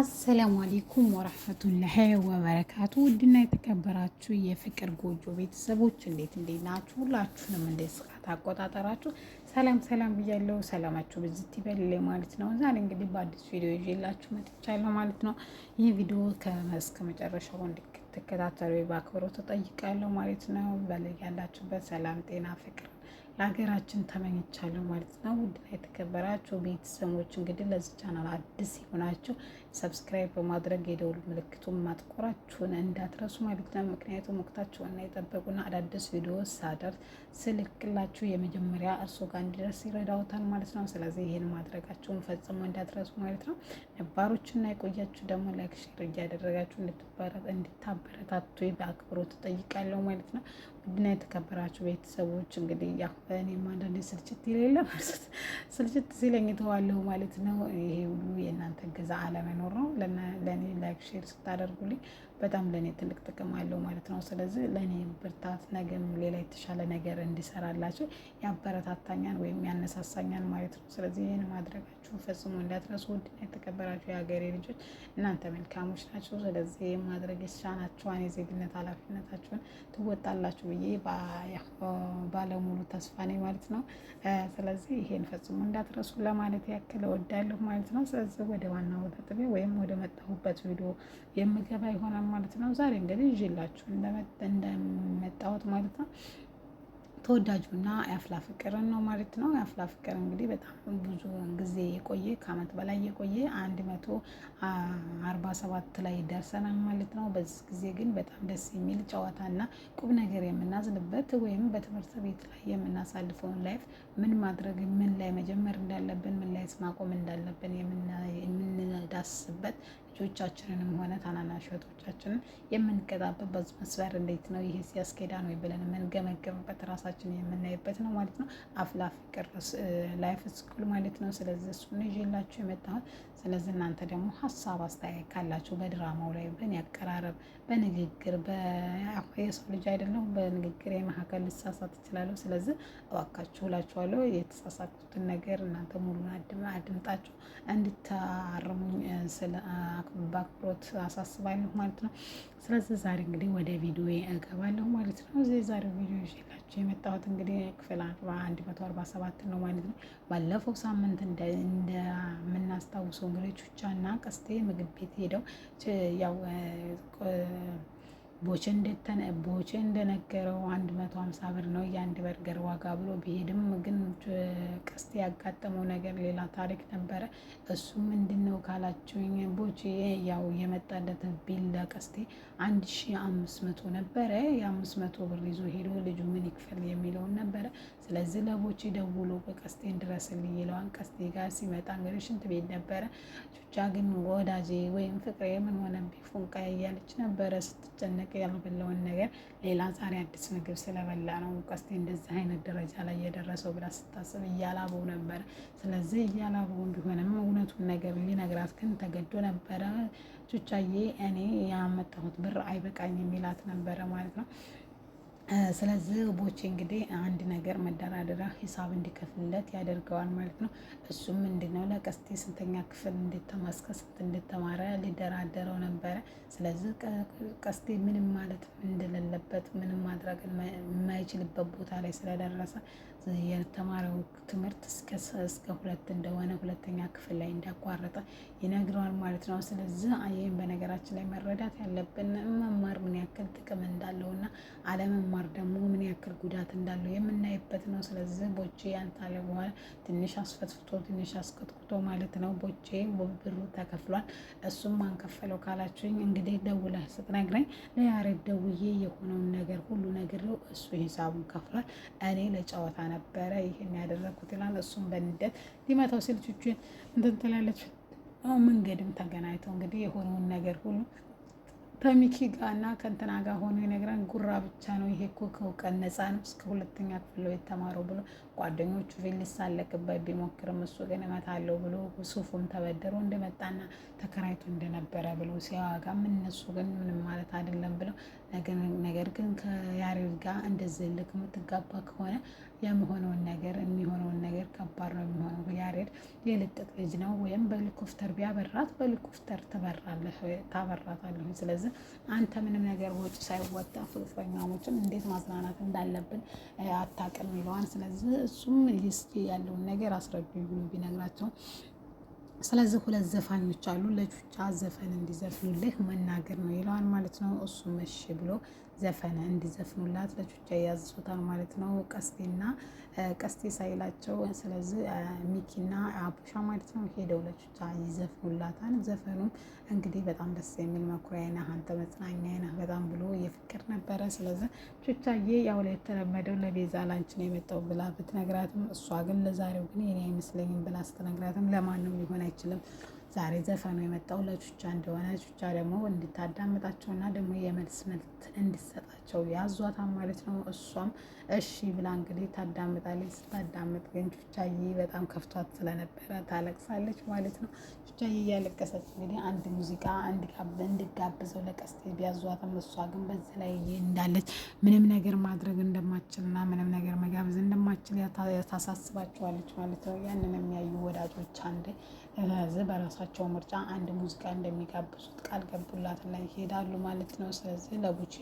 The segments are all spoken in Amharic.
አሰላሙ አሌይኩም ወረህመቱላሂ ወበረካቱ። ውድና የተከበራችሁ የፍቅር ጎጆ ቤተሰቦች እንዴት እንዴት ናችሁ? ሁላችሁንም እንደ ሰዓት አቆጣጠራችሁ ሰላም ሰላም ብያለሁ። ሰላማችሁ ብዝት ይበል ማለት ነው። ዛሬ እንግዲህ በአዲስ ቪዲዮ ይዤላችሁ መጥቻለሁ ማለት ነው። ይህ ቪዲዮ ከመስክ መጨረሻው እንድትከታተሉ በአክብሮት እጠይቃለሁ ማለት ነው። በያላችሁበት ሰላም፣ ጤና፣ ፍቅር ለሀገራችን ተመኝቻለሁ ማለት ነው። ውድና የተከበራችሁ ቤተሰቦች እንግዲህ ለዚህ ቻናል አዲስ የሆናችሁ ሰብስክራይብ በማድረግ የደውል ምልክቱን ማጥቆራችሁን እንዳትረሱ ማለት ነው። ምክንያቱም ወቅታችሁና የጠበቁና አዳዲስ ቪዲዮ ሳደር ስልክላችሁ የመጀመሪያ እርሶ ጋር እንዲደርስ ይረዳውታል ማለት ነው። ስለዚህ ይህን ማድረጋችሁን ፈጽሞ እንዳትረሱ ማለት ነው። ነባሮችና የቆያችሁ ደግሞ ላይክ፣ ሼር እያደረጋችሁ እንድትበረ እንድታበረታቱ በአክብሮት እጠይቃለሁ ማለት ነው። ውድና የተከበራችሁ ቤተሰቦች እንግዲህ ያው እኔም አንዳንዴ ስልችት የሌለ ስልችት ሲለኝ ተዋለሁ ማለት ነው። ይሄ ሁሉ የእናንተ ገዛ አለመኖር ነው። ለእኔ ላይክ ሼር ስታደርጉልኝ በጣም ለእኔ ትልቅ ጥቅም አለው ማለት ነው። ስለዚህ ለእኔ ብርታት ነገም ሌላ የተሻለ ነገር እንዲሰራላቸው ያበረታታኛል ወይም ያነሳሳኛል ማለት ነው። ስለዚህ ይህን ማድረጋችሁ ፈጽሞ እንዳትረሱ። ውድና የተከበራችሁ የሀገሬ ልጆች እናንተ መልካሞች ናቸው። ስለዚህ ይህን ማድረግ የተሻላችኋን የዜግነት ኃላፊነታችሁን ትወጣላችሁ ብዬ ባለሙሉ ተስፋ ነኝ ማለት ነው። ስለዚህ ይሄን ፈጽሞ እንዳትረሱ ለማለት ያክል እወዳለሁ ማለት ነው። ስለዚህ ወደ ዋናው ወደ ጥቤ ወይም ወደ መጣሁበት ቪዲዮ የምገባ ይሆናል ማለት ነው። ዛሬ እንግዲህ ይዤላችሁ እንደመጣሁት ማለት ነው። ተወዳጁና የአፍላ ፍቅርን ነው ማለት ነው። የአፍላ ፍቅር እንግዲህ በጣም ብዙ ጊዜ የቆየ ከአመት በላይ የቆየ አንድ መቶ አርባ ሰባት ላይ ደርሰናል ማለት ነው። በዚህ ጊዜ ግን በጣም ደስ የሚል ጨዋታና ቁም ነገር የምናዝንበት ወይም በትምህርት ቤት ላይ የምናሳልፈውን ላይፍ ምን ማድረግ ምን ላይ መጀመር እንዳለብን ምን ላይ ማቆም እንዳለብን የምንዳስበት ልጆቻችንንም ሆነ ታናናሽ እህቶቻችንን የምንቀጣበት በዚህ መስበር እንዴት ነው ይህ ሲያስኬዳን ነው ብለን የምንገመገምበት ራሳችን ሁለታችን የምናይበት ነው ማለት ነው። አፍላ ፍቅር ላይፍ ስኩል ማለት ነው። ስለዚህ እሱን ይዤላችሁ የመጣሁት ስለዚህ እናንተ ደግሞ ሀሳብ አስተያየት ካላችሁ በድራማው ላይ በእኔ አቀራረብ፣ በንግግር የሰው ልጅ አይደለም በንግግር የመካከል ልሳሳት እችላለሁ። ስለዚህ እባካችሁ እላችኋለሁ የተሳሳትኩትን ነገር እናንተ ሙሉን አድምጣችሁ እንድታርሙኝ በአክብሮት አሳስባለሁ ማለት ነው። ስለዚህ ዛሬ እንግዲህ ወደ ቪዲዮ እገባለሁ ማለት ነው። ዛሬ ቪዲዮ ይዤላችሁ የመጣ የመጣሁት እንግዲህ ክፍል አርባ አንድ መቶ አርባ ሰባት ነው ማለት ነው። ባለፈው ሳምንት እንደምናስታውሰው እንግዲህ ቹቻ እና ቀስቴ ምግብ ቤት ሄደው ያው ቦቼ ቦቼ እንደነገረው 150 ብር ነው የአንድ በርገር ዋጋ ብሎ ቢሄድም ግን ቀስቴ ያጋጠመው ነገር ሌላ ታሪክ ነበረ። እሱ ምንድን ነው ካላችሁኝ ቦቼ ያው የመጣለት ቢል ለቀስቴ 1500 ነበረ። የ500 ብር ይዞ ሄዶ ልጁ ምን ይክፈል የሚለውን ነበረ። ስለዚህ ለቦቼ ደውሎ በቀስቴ እንድረስልኝ ይለዋል። ቀስቴ ጋር ሲመጣ እንግዲህ ሽንት ቤት ነበረ። ቹቻ ግን ወዳጄ ወይም ፍቅሬ ምን ሆነ ቢፉንቃ እያለች ነበረ ስትጨነቅ ያልበላውን ነገር ሌላ ዛሬ አዲስ ምግብ ስለበላ ነው ቀስቴ እንደዚህ አይነት ደረጃ ላይ የደረሰው ብላ ስታስብ እያላበው ነበረ። ስለዚህ እያላበው ቢሆንም እውነቱን ነገር ሊነግራት ግን ተገዶ ነበረ። ቹቻዬ እኔ ያመጣሁት ብር አይበቃኝ የሚላት ነበረ ማለት ነው። ስለዚህ ቦቼ እንግዲህ አንድ ነገር መደራደሪያ ሂሳብ እንዲከፍልለት ያደርገዋል ማለት ነው። እሱም ምንድነው ለቀስቴ ስንተኛ ክፍል እንደተማስከ ስንት እንደተማረ ሊደራደረው ነበረ። ስለዚህ ቀስቴ ምንም ማለት እንደሌለበት ምንም ማድረግ የማይችልበት ቦታ ላይ ስለደረሰ የተማረው ትምህርት እስከ ሁለት እንደሆነ ሁለተኛ ክፍል ላይ እንዳቋረጠ ይነግረዋል ማለት ነው። ስለዚህ ይህም በነገራችን ላይ መረዳት ያለብን መማር ምን ያክል ጥቅም እንዳለው እና አለመማር ደግሞ ምን ያክል ጉዳት እንዳለው የምናይበት ነው። ስለዚህ ቦቼ ያንታለ በኋላ ትንሽ አስፈትፍቶ ትንሽ አስቀጥቅጦ ማለት ነው። ቦቼ ብሩ ተከፍሏል። እሱም ማንከፈለው ካላችሁኝ እንግዲህ ደውለህ ስትነግረኝ ለያሬድ ደውዬ የሆነውን ነገር ሁሉ ነግሬው እሱ ሂሳቡን ከፍሏል። እኔ ለጨዋታ ነው ነበረ ይህን ያደረግኩት ይላል። እሱም በንደት ሊመታው ሲል ቹቹን እንትን ትላለች። መንገድም ተገናኝቶ እንግዲህ የሆነውን ነገር ሁሉ ከሚኪ ጋር እና ከንትና ጋር ሆኖ ይነግራል። ጉራ ብቻ ነው ይሄ እኮ ከእውቀት ነፃ ነው እስከ ሁለተኛ ክፍል ነው የተማረው ብሎ ጓደኞቹ ፊት ሊሳለቅበት ቢሞክርም እሱ ግን እመታለሁ ብሎ ሱፉም ተበደሮ እንደመጣና ተከራይቶ እንደነበረ ብሎ ሲያዋጋም እነሱ ግን ምንም ማለት አይደለም ብለው ነገር ግን ከያሬድ ጋር እንደዚህ ልክ የምትጋባ ከሆነ የሚሆነውን ነገር የሚሆነውን ነገር ከባድ ነው የሚሆነው። ያሬድ የልጥቅ ልጅ ነው ወይም በሄሊኮፍተር ቢያበራት በሄሊኮፍተር ታበራታለሁ። ስለዚህ አንተ ምንም ነገር ወጪ ሳይወጣ ፍቅረኛሞችን እንዴት ማዝናናት እንዳለብን አታውቅም ይለዋል። ስለዚህ እሱም እስኪ ያለውን ነገር አስረዱኝ ብሎ ቢነግራቸው ስለዚህ ሁለት ዘፋኞች አሉ ለቹቻ ዘፈን እንዲዘፍኑልህ መናገር ነው ይለዋል ማለት ነው። እሱ መሽ ብሎ ዘፈን እንዲዘፍኑላት ለቹቻ ያዝሱታል ማለት ነው። ቀስቴና ቀስቴ ሳይላቸው ስለዚህ ሚኪና አቡሻ ማለት ነው ሄደው ለቹቻ ይዘፍኑላታል። ዘፈኑ እንግዲህ በጣም ደስ የሚል መኩሪያ ነህ አንተ መጽናኛ ነህ በጣም ብሎ የፍቅር ነበረ። ስለዚህ ቹቻዬ ያው ላይ የተለመደው ለቤዛ ላንች ነው የመጣው ብላ ብትነግራትም እሷ ግን ለዛሬው ግን የኔ አይመስለኝም ብላ ስትነግራትም ለማንም ሊሆን አይችልም ዛሬ ዘፈኑ የመጣው ለቹቻ እንደሆነ ቹቻ ደግሞ እንድታዳምጣቸውና ደግሞ የመልስ መልት እንድሰጣቸው ያዟታል ማለት ነው። እሷም እሺ ብላ እንግዲህ ታዳምጣለች። ስታዳምጥ ግን ቹቻዬ በጣም ከፍቷት ስለነበረ ታለቅሳለች ማለት ነው። ቹቻዬ እያለቀሰች እንግዲህ አንድ ሙዚቃ እንድጋብዘው ለቀስቴ ቢያዟትም እሷ ግን በዚህ ላይ እንዳለች ምንም ነገር ማድረግ እንደማችልና ምንም ነገር መጋበዝ እንደማችል ታሳስባቸዋለች ማለት ነው ያንንም ሴቶች አንድ ስለዚህ በራሳቸው ምርጫ አንድ ሙዚቃ እንደሚጋብዙት ቃል ገቡላትና ይሄዳሉ ማለት ነው። ስለዚህ ለቡቺ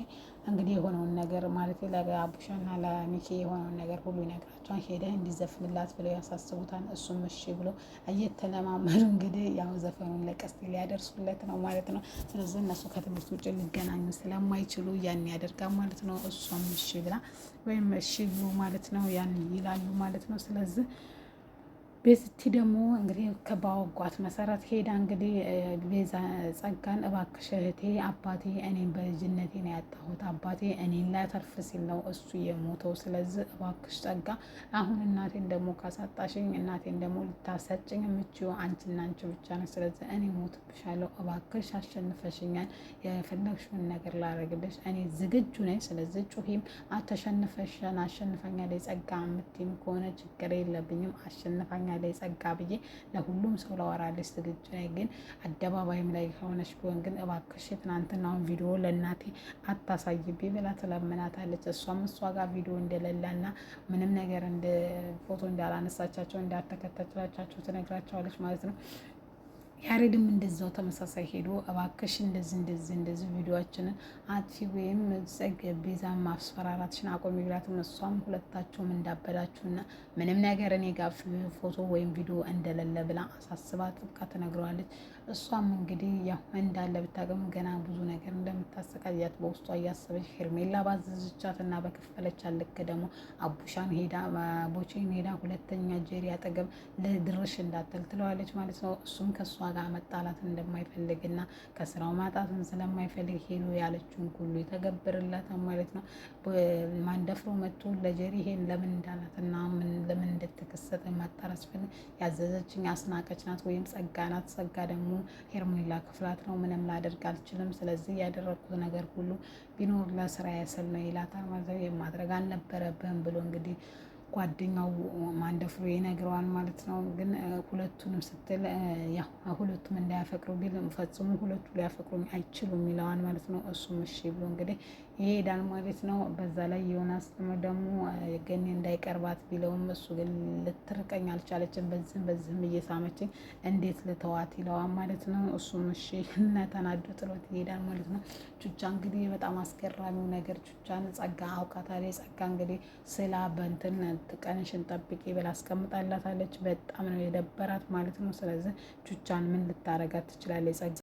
እንግዲህ የሆነውን ነገር ማለት ለአቡሻና ለሚኪ የሆነውን ነገር ሁሉ ይነግራቸዋል። ሄደ እንዲዘፍንላት ብለው ያሳስቡታል። እሱም እሺ ብሎ እየተለማመዱ እንግዲህ ያው ዘፈኑን ለቀስቴ ሊያደርሱለት ነው ማለት ነው። ስለዚህ እነሱ ከትምህርት ውጭ ሊገናኙ ስለማይችሉ ያን ያደርጋል ማለት ነው። እሷም እሺ ብላ ወይም እሺ ብሎ ማለት ነው ያን ይላሉ ማለት ነው። ስለዚህ ቤዝቲ ደግሞ እንግዲህ ከባወጓት መሰረት ሄዳ እንግዲህ ቤዛ ጸጋን እባክሽ እህቴ አባቴ እኔን በልጅነቴ ነው ያጣሁት፣ አባቴ እኔን ላተርፍ ሲል ነው እሱ የሞተው። ስለዚህ እባክሽ ጸጋ አሁን እናቴን ደግሞ ካሳጣሽኝ፣ እናቴን ደግሞ ልታሰጭኝ የምችው አንቺና አንቺ ብቻ ነው። ስለዚህ እኔ ሞትብሻለሁ፣ እባክሽ አሸንፈሽኛል፣ የፈለግሽውን ነገር ላደርግልሽ እኔ ዝግጁ ነኝ። ስለዚህ ጩሂም አተሸንፈሽን አሸንፈኛል የጸጋ የምትይም ከሆነ ችግር የለብኝም አሸንፈኛል ላይ ጸጋ ብዬ ለሁሉም ሰው ላወራልሽ ዝግጁ ላይ ግን አደባባይም ላይ ከሆነች ቢሆን ግን እባክሽ ትናንትናውን ቪዲዮ ለእናቴ አታሳይብኝ ብላ ትለምናታለች። እሷም እሷ ጋር ቪዲዮ እንደሌለና ምንም ነገር ፎቶ እንዳላነሳቻቸው እንዳልተከተላቻቸው ትነግራቸዋለች ማለት ነው። ያሬድም እንደዛው ተመሳሳይ ሄዶ እባክሽ እንደዚህ እንደዚህ እንደዚህ ቪዲዮችንን አትፊ ወይም ጸግ ቤዛ ማስፈራራትሽን አቆሚ ብላትም እሷም ሁለታቸውም እንዳበዳችሁና ምንም ነገር እኔ ጋር ፎቶ ወይም ቪዲዮ እንደሌለ ብላ አሳስባ ጥብቃ ትነግረዋለች። እሷም እንግዲህ ያው እንዳለ ብታገም ገና ብዙ ነገር እንደምታሰቃያት በውስጧ እያሰበች ሄርሜላ ባዘዝቻት እና በከፈለች አልክ ደግሞ አቡሻን ሄዳ ቦቼን ሄዳ ሁለተኛ ጀሪ አጠገብ ለድርሽ እንዳትል ትለዋለች ማለት ነው። እሱም ከእሷ ጋር መጣላት እንደማይፈልግ እና ከስራው ማጣትን ስለማይፈልግ ሄዱ ያለችውን ሁሉ የተገብርላታል ማለት ነው። ማንደፍሮ መጥቶ ለጀሪ ይሄን ለምን እንዳላት እና ለምን እንደት እንደተከሰተ ማጣራት አስፈል ያዘዘችኝ አስናቀች ናት ወይም ጸጋ ናት። ጸጋ ደግሞ ሄርሜላ ክፍላት ነው። ምንም ላደርግ አልችልም። ስለዚህ ያደረግኩት ነገር ሁሉ ቢኖር ለስራ ያሰል ነው ይላታል ማለት የማድረግ አልነበረብህም ብሎ እንግዲህ ጓደኛው ማንደፍሮ ይነግረዋል ማለት ነው። ግን ሁለቱንም ስትል ያ ሁለቱም እንዳያፈቅሩ ቢል ፈጽሙ ሁለቱ ሊያፈቅሩ አይችሉም ይለዋል ማለት ነው። እሱም እሺ ብሎ እንግዲህ ይሄዳል ማለት ነው። በዛ ላይ የሆነ ዮናስ ደግሞ ገኒ እንዳይቀርባት ቢለውም እሱ ግን ልትርቀኝ አልቻለችም፣ በዚህም በዚህም እየሳመችኝ እንዴት ልተዋት ይለዋል ማለት ነው። እሱም እሺ እና ተናዶ ጥሎት ይሄዳል ማለት ነው። ቹቻ እንግዲህ በጣም አስገራሚው ነገር ቹቻን ጸጋ አውቃታለች። ጸጋ እንግዲህ ስላ በንትን ቀንሽን ጠብቂ ብላ አስቀምጣላታለች። በጣም ነው የደበራት ማለት ነው። ስለዚህ ቹቻን ምን ልታረጋት ትችላለች ጸጋ